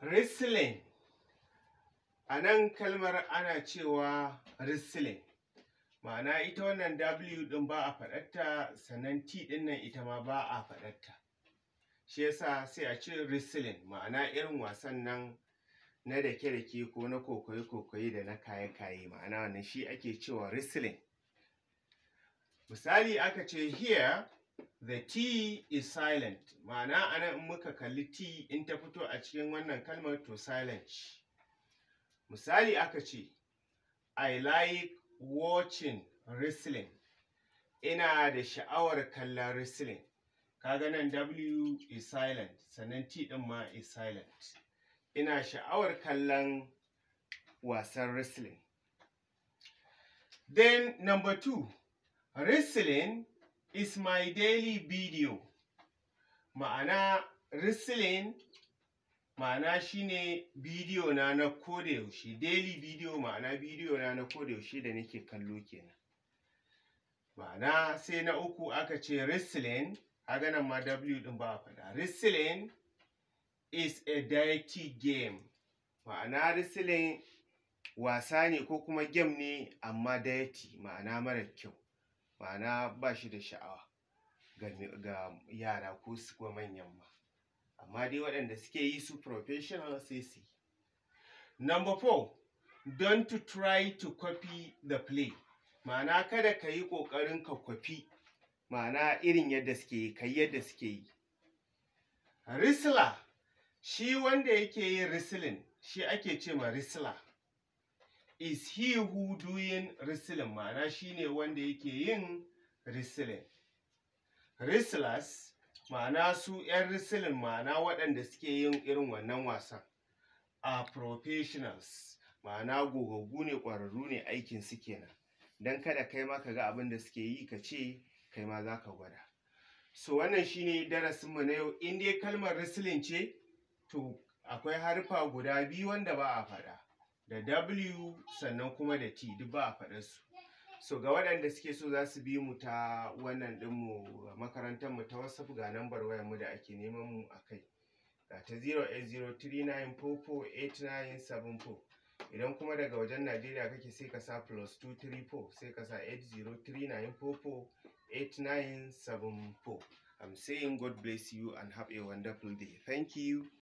wrestling a nan kalmar ana cewa wrestling ma'ana ita wannan w din ba a faɗarta sannan t din nan ita ma ba a faɗarta shi yasa sai a ce wrestling ma'ana irin wasan nan na dake-dake ko na kokoye-kokoye da na kaye-kaye ma'ana wannan shi ake cewa wrestling misali aka ce here the t is silent ma'ana anan in muka kalli t in ta fito a cikin wannan kalmar to silent misali aka ce i like watching wrestling ina da sha'awar kallon wrestling kaga nan w is silent sannan t din ma is silent ina sha'awar kallon wasan wrestling then number two wrestling is my daily video ma'ana wrestling ma'ana shine bidiyo na na koda yaushe daily video ma'ana bidiyo na na koda yaushe da nake kallo kenan ma'ana sai na uku aka ce wrestling haga nan ma w din ba faɗa wrestling is a dirty game ma'ana wrestling wasa ne ko kuma game ne amma dirty ma'ana mara kyau ma'ana ba shi da sha'awa ga yara ko su kuma manyan ma amma dai waɗanda suke yi su professional sai su yi number four don't to try to copy the play ma'ana kada ka yi ƙoƙarin ka kwafi ma'ana irin yadda suke yi kai yadda suke yi risla shi wanda yake yin risilin shi ake ce ma risla is he who doing wrestling ma'ana shine wanda yake yin wrestling wrestlers ma'ana su 'yan wrestling ma'ana waɗanda suke yin irin wannan wasan a professionals ma'ana gogaggu ne ƙwararru ne aikin su kenan don kada kai ma ka ga abin da suke yi ka ce kai ma za gwada so wannan shine darasin mu na yau in dai kalmar wrestling ce to akwai harfa guda biyu wanda ba a faɗa da w sannan kuma da t duk ba a faɗar su so ga waɗanda suke so za su bi mu ta wannan ɗinmu makarantar mu ta whatsapp ga lambar wayar mu da ake neman mu a kai ga ta 08039448974 idan kuma daga wajen najeriya kake sai ka sa plus 234 sai ka sa 8039448974 I'm saying God bless you and have a wonderful day. Thank you.